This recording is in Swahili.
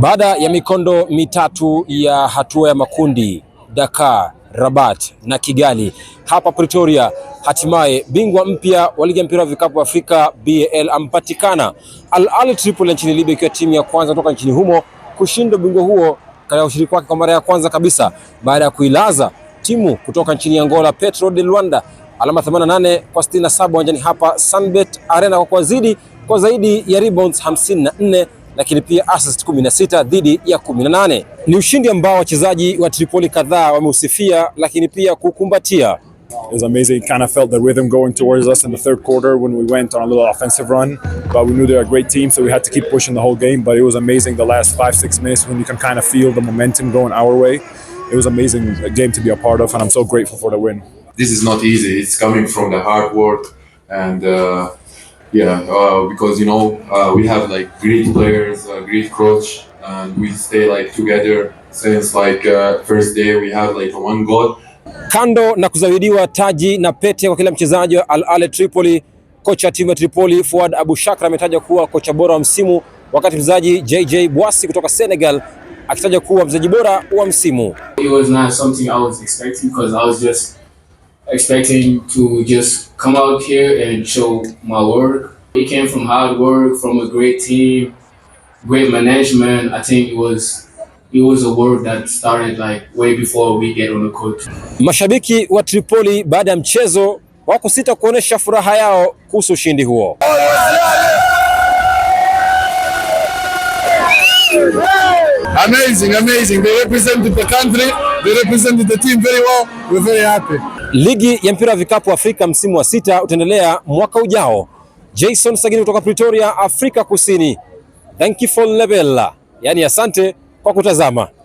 Baada ya mikondo mitatu ya hatua ya makundi Dakar, Rabat na Kigali, hapa Pretoria hatimaye bingwa mpya wa ligi ya mpira wa vikapu Afrika BAL ampatikana Al Ahly Tripoli nchini Libya, ikiwa timu ya kwanza kutoka nchini humo kushinda ubingwa huo katika ushiriki wake kwa mara ya kwanza kabisa baada ya kuilaza timu kutoka nchini Angola Petro de Luanda alama 88 kwa 67 uwanjani hapa Sunbet Arena kwa kuwazidi kwa zaidi ya rebounds 54 lakini pia assist 16 dhidi ya 18. Ni ushindi ambao wachezaji wa Tripoli kadhaa wameusifia, lakini pia kukumbatia. It was amazing. Kind of felt the rhythm going towards us in the third quarter when we went on a little offensive run, but we knew they're a great team, so we had to keep pushing the whole game. But it was amazing the last five, six minutes when you can kind of feel the momentum going our way. It was amazing a uh, game to be a part of, and I'm so grateful for the win. This is not easy. It's coming from the hard work and. Uh yeah, uh, because you know uh, we have like great players, uh, great coach, and we stay like together since like uh, first day. We have like one goal. Kando na kuzawidiwa taji na pete kwa kila mchezaji wa Al Ahly Tripoli, kocha wa timu ya Tripoli Fuad Abu Shakra ametajwa kuwa kocha bora wa msimu, wakati mchezaji JJ Bwasi kutoka Senegal akitajwa kuwa mchezaji bora wa msimu. It was not something I was expecting because I was just expecting to just come out here and show my work. It came from hard work, from a great team, great management. I think it was it was a work that started like way before we get on the court. Mashabiki wa Tripoli baada ya mchezo hawakusita kuonesha furaha yao kuhusu ushindi huo. Amazing, amazing. They represented the country, they represented the team very well. We're very happy. Ligi ya mpira wa vikapu Afrika msimu wa sita utaendelea mwaka ujao. Jason Sagini kutoka Pretoria, Afrika Kusini. Thank you for level. Yaani asante kwa kutazama.